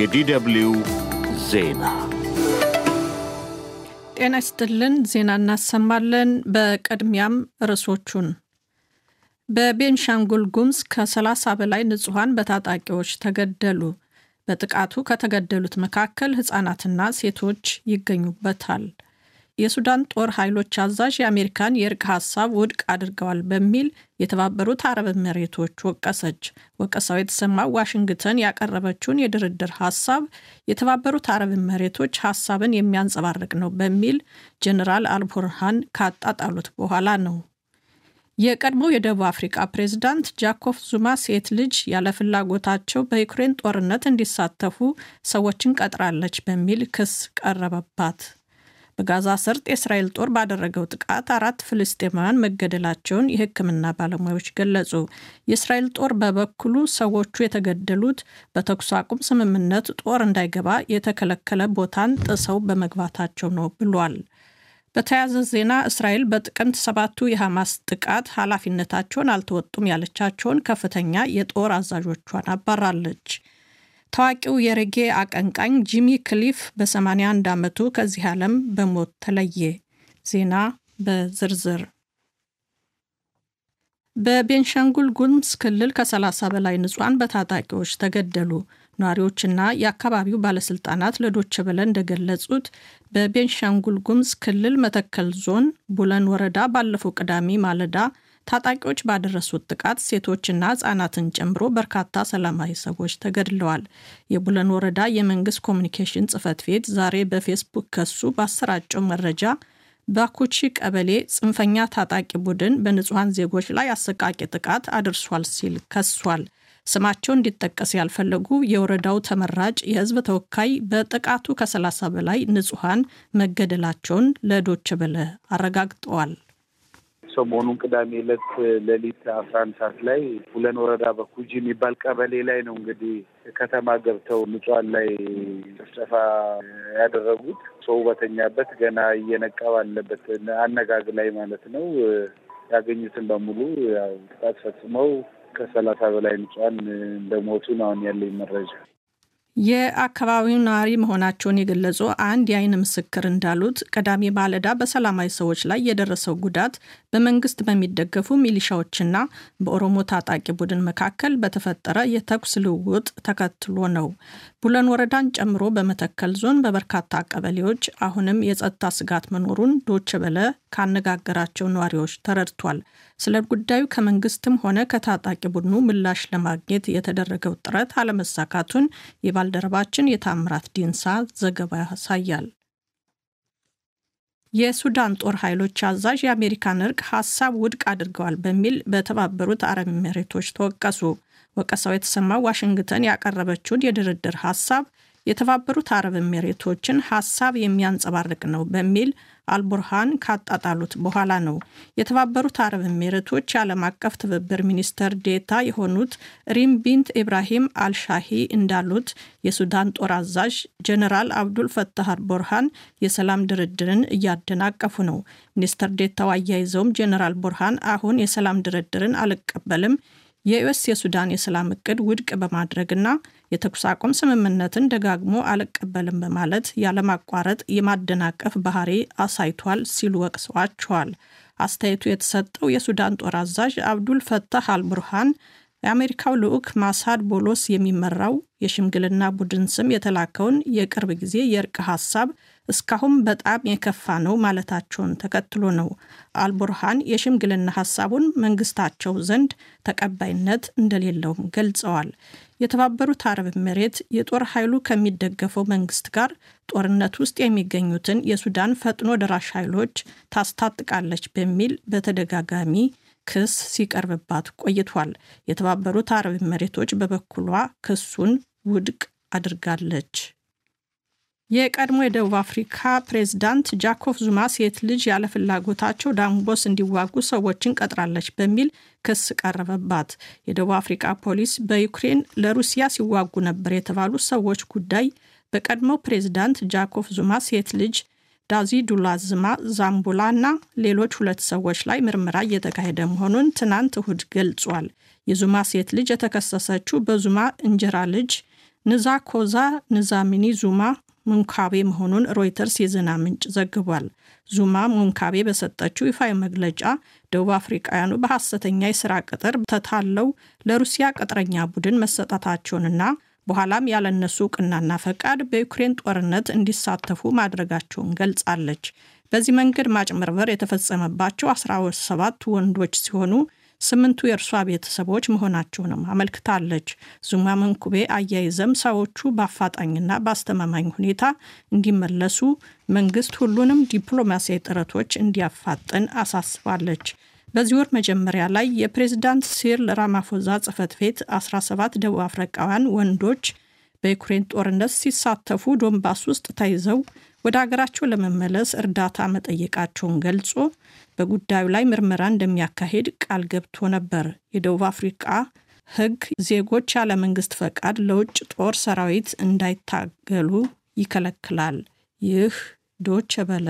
የዲደብሊው ዜና ጤና ይስጥልን። ዜና እናሰማለን። በቅድሚያም ርዕሶቹን በቤንሻንጉል ጉምዝ ከ30 በላይ ንጹሐን በታጣቂዎች ተገደሉ። በጥቃቱ ከተገደሉት መካከል ሕፃናትና ሴቶች ይገኙበታል። የሱዳን ጦር ኃይሎች አዛዥ የአሜሪካን የእርቅ ሀሳብ ውድቅ አድርገዋል በሚል የተባበሩት አረብ መሬቶች ወቀሰች። ወቀሳው የተሰማው ዋሽንግተን ያቀረበችውን የድርድር ሀሳብ የተባበሩት አረብ መሬቶች ሀሳብን የሚያንጸባርቅ ነው በሚል ጀኔራል አልቡርሃን ካጣጣሉት በኋላ ነው። የቀድሞው የደቡብ አፍሪካ ፕሬዝዳንት ጃኮፍ ዙማ ሴት ልጅ ያለ ፍላጎታቸው በዩክሬን ጦርነት እንዲሳተፉ ሰዎችን ቀጥራለች በሚል ክስ ቀረበባት። በጋዛ ሰርጥ የእስራኤል ጦር ባደረገው ጥቃት አራት ፍልስጤማውያን መገደላቸውን የሕክምና ባለሙያዎች ገለጹ። የእስራኤል ጦር በበኩሉ ሰዎቹ የተገደሉት በተኩስ አቁም ስምምነት ጦር እንዳይገባ የተከለከለ ቦታን ጥሰው በመግባታቸው ነው ብሏል። በተያያዘ ዜና እስራኤል በጥቅምት ሰባቱ የሐማስ ጥቃት ኃላፊነታቸውን አልተወጡም ያለቻቸውን ከፍተኛ የጦር አዛዦቿን አባራለች። ታዋቂው የሬጌ አቀንቃኝ ጂሚ ክሊፍ በ81 ዓመቱ ከዚህ ዓለም በሞት ተለየ። ዜና በዝርዝር በቤንሻንጉል ጉምዝ ክልል ከ30 በላይ ንጹሐን በታጣቂዎች ተገደሉ። ነዋሪዎችና የአካባቢው ባለስልጣናት ለዶች በለ እንደገለጹት በቤንሻንጉል ጉምዝ ክልል መተከል ዞን ቡለን ወረዳ ባለፈው ቅዳሜ ማለዳ ታጣቂዎች ባደረሱት ጥቃት ሴቶችና ህጻናትን ጨምሮ በርካታ ሰላማዊ ሰዎች ተገድለዋል። የቡለን ወረዳ የመንግስት ኮሚኒኬሽን ጽህፈት ቤት ዛሬ በፌስቡክ ከሱ ባሰራጨው መረጃ በኩቺ ቀበሌ ጽንፈኛ ታጣቂ ቡድን በንጹሐን ዜጎች ላይ አሰቃቂ ጥቃት አድርሷል ሲል ከሷል። ስማቸው እንዲጠቀስ ያልፈለጉ የወረዳው ተመራጭ የህዝብ ተወካይ በጥቃቱ ከ30 በላይ ንጹሐን መገደላቸውን ለዶችበለ አረጋግጠዋል። ሰሞኑን ቅዳሜ ዕለት ሌሊት አስራ አንድ ሰዓት ላይ ቡለን ወረዳ በኩጂ የሚባል ቀበሌ ላይ ነው እንግዲህ ከተማ ገብተው ንጹሃን ላይ ጭፍጨፋ ያደረጉት። ሰው በተኛበት ገና እየነቃ ባለበት አነጋግ ላይ ማለት ነው ያገኙትን በሙሉ ጥቃት ፈጽመው ከሰላሳ በላይ ንጹሃን እንደሞቱ ነው አሁን ያለኝ መረጃ። የአካባቢው ነዋሪ መሆናቸውን የገለጹ አንድ የአይን ምስክር እንዳሉት ቀዳሜ ማለዳ በሰላማዊ ሰዎች ላይ የደረሰው ጉዳት በመንግስት በሚደገፉ ሚሊሻዎችና በኦሮሞ ታጣቂ ቡድን መካከል በተፈጠረ የተኩስ ልውውጥ ተከትሎ ነው። ቡለን ወረዳን ጨምሮ በመተከል ዞን በበርካታ ቀበሌዎች አሁንም የጸጥታ ስጋት መኖሩን በለ ካነጋገራቸው ነዋሪዎች ተረድቷል። ስለ ጉዳዩ ከመንግስትም ሆነ ከታጣቂ ቡድኑ ምላሽ ለማግኘት የተደረገው ጥረት አለመሳካቱን የባልደረባችን የታምራት ዲንሳ ዘገባ ያሳያል። የሱዳን ጦር ኃይሎች አዛዥ የአሜሪካን እርቅ ሀሳብ ውድቅ አድርገዋል በሚል በተባበሩት አረብ ኤሚሬቶች ተወቀሱ። ወቀሳው የተሰማው ዋሽንግተን ያቀረበችውን የድርድር ሀሳብ የተባበሩት አረብ ኤሚሬቶችን ሀሳብ የሚያንጸባርቅ ነው በሚል አልቡርሃን ካጣጣሉት በኋላ ነው። የተባበሩት አረብ ኤሚሬቶች የዓለም አቀፍ ትብብር ሚኒስተር ዴታ የሆኑት ሪም ቢንት ኢብራሂም አልሻሂ እንዳሉት የሱዳን ጦር አዛዥ ጀነራል አብዱል ፈታህ አልቡርሃን የሰላም ድርድርን እያደናቀፉ ነው። ሚኒስተር ዴታው አያይዘውም ጀነራል ቡርሃን አሁን የሰላም ድርድርን አልቀበልም የዩኤስ የሱዳን የሰላም እቅድ ውድቅ በማድረግና የተኩስ አቁም ስምምነትን ደጋግሞ አልቀበልም በማለት ያለማቋረጥ የማደናቀፍ ባህሪ አሳይቷል ሲሉ ወቅሰዋቸዋል። አስተያየቱ የተሰጠው የሱዳን ጦር አዛዥ አብዱል ፈታህ አልቡርሃን የአሜሪካው ልዑክ ማሳድ ቦሎስ የሚመራው የሽምግልና ቡድን ስም የተላከውን የቅርብ ጊዜ የእርቅ ሀሳብ እስካሁን በጣም የከፋ ነው ማለታቸውን ተከትሎ ነው አልቡርሃን የሽምግልና ሀሳቡን መንግስታቸው ዘንድ ተቀባይነት እንደሌለውም ገልጸዋል። የተባበሩት አረብ መሬት የጦር ኃይሉ ከሚደገፈው መንግስት ጋር ጦርነት ውስጥ የሚገኙትን የሱዳን ፈጥኖ ደራሽ ኃይሎች ታስታጥቃለች በሚል በተደጋጋሚ ክስ ሲቀርብባት ቆይቷል። የተባበሩት አረብ መሬቶች በበኩሏ ክሱን ውድቅ አድርጋለች። የቀድሞ የደቡብ አፍሪካ ፕሬዝዳንት ጃኮብ ዙማ ሴት ልጅ ያለፍላጎታቸው ዳንቦስ እንዲዋጉ ሰዎችን ቀጥራለች በሚል ክስ ቀረበባት። የደቡብ አፍሪካ ፖሊስ በዩክሬን ለሩሲያ ሲዋጉ ነበር የተባሉ ሰዎች ጉዳይ በቀድሞው ፕሬዝዳንት ጃኮብ ዙማ ሴት ልጅ ዳዚ ዱላዝማ ዛምቡላ እና ሌሎች ሁለት ሰዎች ላይ ምርመራ እየተካሄደ መሆኑን ትናንት እሁድ ገልጿል። የዙማ ሴት ልጅ የተከሰሰችው በዙማ እንጀራ ልጅ ንዛ ኮዛ ንዛሚኒ ዙማ ሙንካቤ መሆኑን ሮይተርስ የዜና ምንጭ ዘግቧል። ዙማ ሙንካቤ በሰጠችው ይፋዊ መግለጫ ደቡብ አፍሪቃውያኑ በሐሰተኛ የሥራ ቅጥር ተታለው ለሩሲያ ቅጥረኛ ቡድን መሰጠታቸውንና በኋላም ያለነሱ እውቅናና ፈቃድ በዩክሬን ጦርነት እንዲሳተፉ ማድረጋቸውን ገልጻለች። በዚህ መንገድ ማጭመርበር የተፈጸመባቸው 17 ወንዶች ሲሆኑ ስምንቱ የእርሷ ቤተሰቦች መሆናቸውንም አመልክታለች። ዙማ መንኩቤ አያይዘም ሰዎቹ በአፋጣኝና በአስተማማኝ ሁኔታ እንዲመለሱ መንግስት ሁሉንም ዲፕሎማሲያዊ ጥረቶች እንዲያፋጥን አሳስባለች። በዚህ ወር መጀመሪያ ላይ የፕሬዝዳንት ሲርል ራማፎዛ ጽህፈት ቤት 17 ደቡብ አፍሪቃውያን ወንዶች በዩክሬን ጦርነት ሲሳተፉ ዶንባስ ውስጥ ተይዘው ወደ አገራቸው ለመመለስ እርዳታ መጠየቃቸውን ገልጾ በጉዳዩ ላይ ምርመራ እንደሚያካሄድ ቃል ገብቶ ነበር። የደቡብ አፍሪቃ ሕግ ዜጎች ያለ መንግስት ፈቃድ ለውጭ ጦር ሰራዊት እንዳይታገሉ ይከለክላል። ይህ ዶች በለ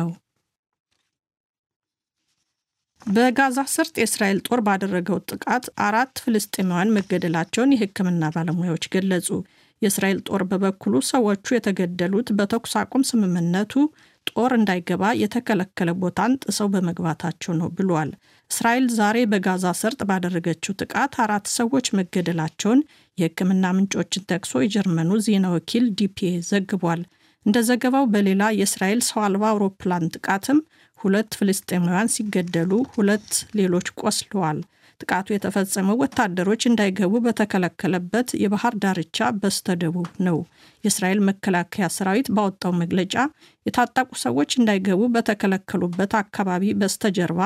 ነው። በጋዛ ሰርጥ የእስራኤል ጦር ባደረገው ጥቃት አራት ፍልስጤማውያን መገደላቸውን የሕክምና ባለሙያዎች ገለጹ። የእስራኤል ጦር በበኩሉ ሰዎቹ የተገደሉት በተኩስ አቁም ስምምነቱ ጦር እንዳይገባ የተከለከለ ቦታን ጥሰው በመግባታቸው ነው ብሏል። እስራኤል ዛሬ በጋዛ ሰርጥ ባደረገችው ጥቃት አራት ሰዎች መገደላቸውን የሕክምና ምንጮችን ጠቅሶ የጀርመኑ ዜና ወኪል ዲፒኤ ዘግቧል። እንደ ዘገባው በሌላ የእስራኤል ሰው አልባ አውሮፕላን ጥቃትም ሁለት ፍልስጤማውያን ሲገደሉ፣ ሁለት ሌሎች ቆስለዋል። ጥቃቱ የተፈጸመው ወታደሮች እንዳይገቡ በተከለከለበት የባህር ዳርቻ በስተደቡብ ነው። የእስራኤል መከላከያ ሰራዊት ባወጣው መግለጫ የታጠቁ ሰዎች እንዳይገቡ በተከለከሉበት አካባቢ በስተጀርባ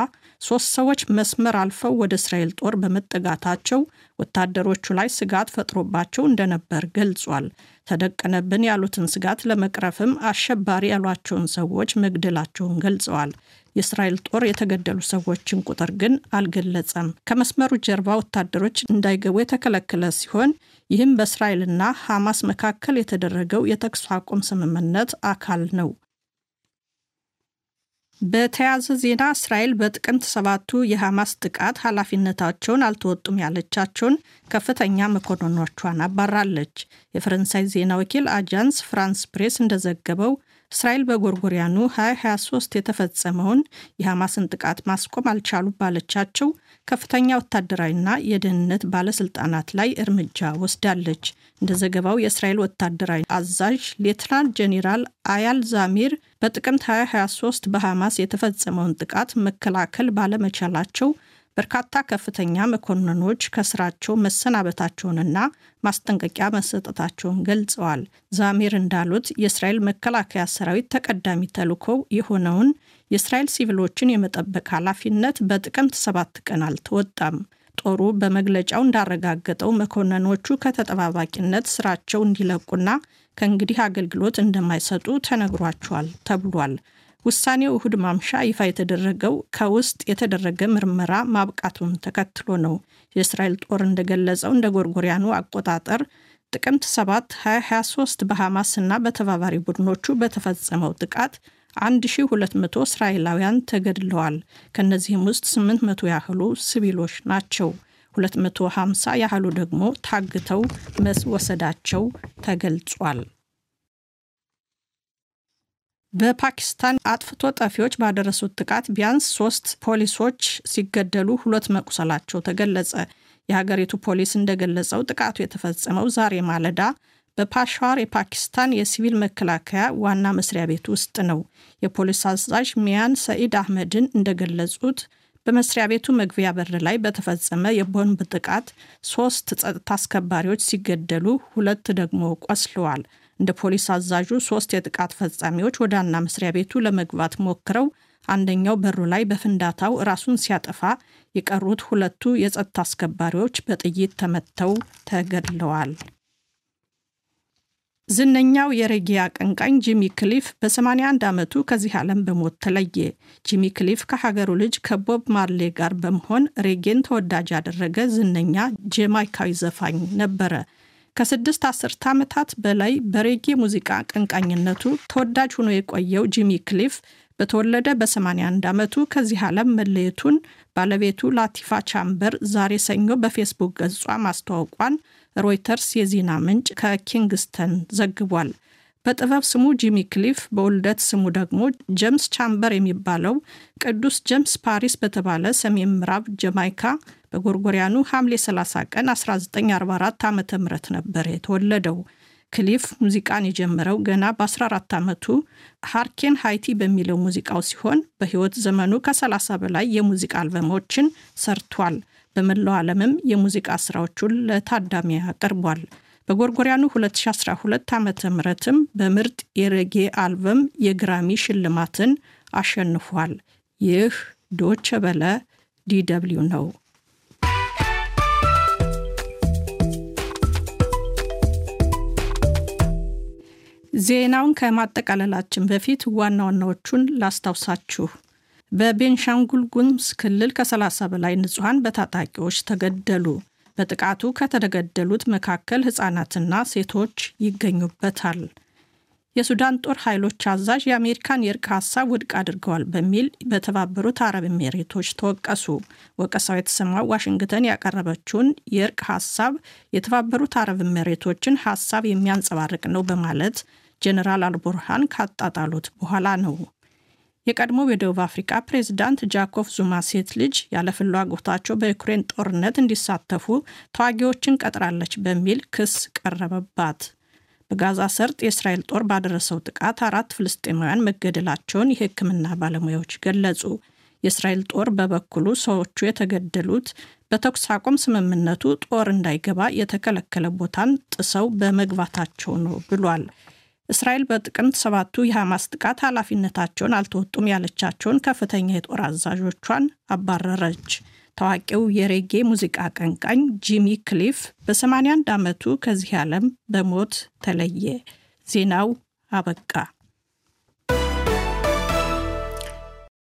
ሶስት ሰዎች መስመር አልፈው ወደ እስራኤል ጦር በመጠጋታቸው ወታደሮቹ ላይ ስጋት ፈጥሮባቸው እንደነበር ገልጿል። ተደቀነብን ያሉትን ስጋት ለመቅረፍም አሸባሪ ያሏቸውን ሰዎች መግደላቸውን ገልጸዋል። የእስራኤል ጦር የተገደሉ ሰዎችን ቁጥር ግን አልገለጸም። ከመስመሩ ጀርባ ወታደሮች እንዳይገቡ የተከለከለ ሲሆን ይህም በእስራኤልና ሐማስ መካከል የተደረገው የተኩስ አቁም ስምምነት አካል ነው። በተያያዘ ዜና እስራኤል በጥቅምት ሰባቱ የሐማስ ጥቃት ኃላፊነታቸውን አልተወጡም ያለቻቸውን ከፍተኛ መኮንኖቿን አባራለች። የፈረንሳይ ዜና ወኪል አጃንስ ፍራንስ ፕሬስ እንደዘገበው እስራኤል በጎርጎሪያኑ 2023 የተፈጸመውን የሐማስን ጥቃት ማስቆም አልቻሉ ባለቻቸው ከፍተኛ ወታደራዊና የደህንነት ባለስልጣናት ላይ እርምጃ ወስዳለች። እንደ ዘገባው የእስራኤል ወታደራዊ አዛዥ ሌትናንት ጄኔራል አያል ዛሚር በጥቅምት 2023 በሐማስ የተፈጸመውን ጥቃት መከላከል ባለመቻላቸው በርካታ ከፍተኛ መኮንኖች ከስራቸው መሰናበታቸውንና ማስጠንቀቂያ መሰጠታቸውን ገልጸዋል። ዛሜር እንዳሉት የእስራኤል መከላከያ ሰራዊት ተቀዳሚ ተልዕኮው የሆነውን የእስራኤል ሲቪሎችን የመጠበቅ ኃላፊነት በጥቅምት ሰባት ቀን አልተወጣም። ጦሩ በመግለጫው እንዳረጋገጠው መኮንኖቹ ከተጠባባቂነት ስራቸው እንዲለቁና ከእንግዲህ አገልግሎት እንደማይሰጡ ተነግሯቸዋል ተብሏል። ውሳኔው እሁድ ማምሻ ይፋ የተደረገው ከውስጥ የተደረገ ምርመራ ማብቃቱን ተከትሎ ነው። የእስራኤል ጦር እንደገለጸው እንደ ጎርጎሪያኑ አቆጣጠር ጥቅምት 7 2023 በሐማስ እና በተባባሪ ቡድኖቹ በተፈጸመው ጥቃት 1200 እስራኤላውያን ተገድለዋል። ከእነዚህም ውስጥ 800 ያህሉ ሲቪሎች ናቸው። 250 ያህሉ ደግሞ ታግተው መስወሰዳቸው ተገልጿል። በፓኪስታን አጥፍቶ ጠፊዎች ባደረሱት ጥቃት ቢያንስ ሶስት ፖሊሶች ሲገደሉ ሁለት መቁሰላቸው ተገለጸ። የሀገሪቱ ፖሊስ እንደገለጸው ጥቃቱ የተፈጸመው ዛሬ ማለዳ በፓሻዋር የፓኪስታን የሲቪል መከላከያ ዋና መስሪያ ቤት ውስጥ ነው። የፖሊስ አዛዥ ሚያን ሰኢድ አህመድን እንደገለጹት በመስሪያ ቤቱ መግቢያ በር ላይ በተፈጸመ የቦምብ ጥቃት ሶስት ጸጥታ አስከባሪዎች ሲገደሉ ሁለት ደግሞ ቆስለዋል። እንደ ፖሊስ አዛዡ ሶስት የጥቃት ፈጻሚዎች ወደ ዋና መስሪያ ቤቱ ለመግባት ሞክረው አንደኛው በሩ ላይ በፍንዳታው ራሱን ሲያጠፋ፣ የቀሩት ሁለቱ የጸጥታ አስከባሪዎች በጥይት ተመተው ተገድለዋል። ዝነኛው የሬጌ አቀንቃኝ ጂሚ ክሊፍ በ81 ዓመቱ ከዚህ ዓለም በሞት ተለየ። ጂሚ ክሊፍ ከሀገሩ ልጅ ከቦብ ማርሌ ጋር በመሆን ሬጌን ተወዳጅ ያደረገ ዝነኛ ጀማይካዊ ዘፋኝ ነበረ። ከስድስት አስርት ዓመታት በላይ በሬጌ ሙዚቃ አቀንቃኝነቱ ተወዳጅ ሆኖ የቆየው ጂሚ ክሊፍ በተወለደ በ81 ዓመቱ ከዚህ ዓለም መለየቱን ባለቤቱ ላቲፋ ቻምበር ዛሬ ሰኞ በፌስቡክ ገጿ ማስተዋወቋን ሮይተርስ የዜና ምንጭ ከኪንግስተን ዘግቧል። በጥበብ ስሙ ጂሚ ክሊፍ በውልደት ስሙ ደግሞ ጀምስ ቻምበር የሚባለው ቅዱስ ጀምስ ፓሪስ በተባለ ሰሜን ምዕራብ ጀማይካ በጎርጎሪያኑ ሐምሌ 30 ቀን 1944 ዓ ም ነበር የተወለደው። ክሊፍ ሙዚቃን የጀመረው ገና በ14 ዓመቱ ሃርኬን ሃይቲ በሚለው ሙዚቃው ሲሆን በሕይወት ዘመኑ ከ30 በላይ የሙዚቃ አልበሞችን ሰርቷል። በመላው ዓለምም የሙዚቃ ስራዎቹን ለታዳሚ አቅርቧል። በጎርጎሪያኑ 2012 ዓ ምትም በምርጥ የሬጌ አልበም የግራሚ ሽልማትን አሸንፏል። ይህ ዶች በለ ዲደብሊው ነው። ዜናውን ከማጠቃለላችን በፊት ዋና ዋናዎቹን ላስታውሳችሁ። በቤንሻንጉል ጉሙዝ ክልል ከ30 በላይ ንጹሐን በታጣቂዎች ተገደሉ። በጥቃቱ ከተገደሉት መካከል ህጻናትና ሴቶች ይገኙበታል። የሱዳን ጦር ኃይሎች አዛዥ የአሜሪካን የእርቅ ሀሳብ ውድቅ አድርገዋል በሚል በተባበሩት አረብ ኤሚሬቶች ተወቀሱ። ወቀሳው የተሰማው ዋሽንግተን ያቀረበችውን የእርቅ ሀሳብ የተባበሩት አረብ ኤሚሬቶችን ሀሳብ የሚያንጸባርቅ ነው በማለት ጀኔራል አልቡርሃን ካጣጣሉት በኋላ ነው። የቀድሞው የደቡብ አፍሪካ ፕሬዝዳንት ጃኮፍ ዙማ ሴት ልጅ ያለ ፍላጎታቸው በዩክሬን ጦርነት እንዲሳተፉ ተዋጊዎችን ቀጥራለች በሚል ክስ ቀረበባት። በጋዛ ሰርጥ የእስራኤል ጦር ባደረሰው ጥቃት አራት ፍልስጤማውያን መገደላቸውን የሕክምና ባለሙያዎች ገለጹ። የእስራኤል ጦር በበኩሉ ሰዎቹ የተገደሉት በተኩስ አቁም ስምምነቱ ጦር እንዳይገባ የተከለከለ ቦታን ጥሰው በመግባታቸው ነው ብሏል። እስራኤል በጥቅምት ሰባቱ የሐማስ ጥቃት ኃላፊነታቸውን አልተወጡም ያለቻቸውን ከፍተኛ የጦር አዛዦቿን አባረረች። ታዋቂው የሬጌ ሙዚቃ አቀንቃኝ ጂሚ ክሊፍ በ81 ዓመቱ ከዚህ ዓለም በሞት ተለየ። ዜናው አበቃ።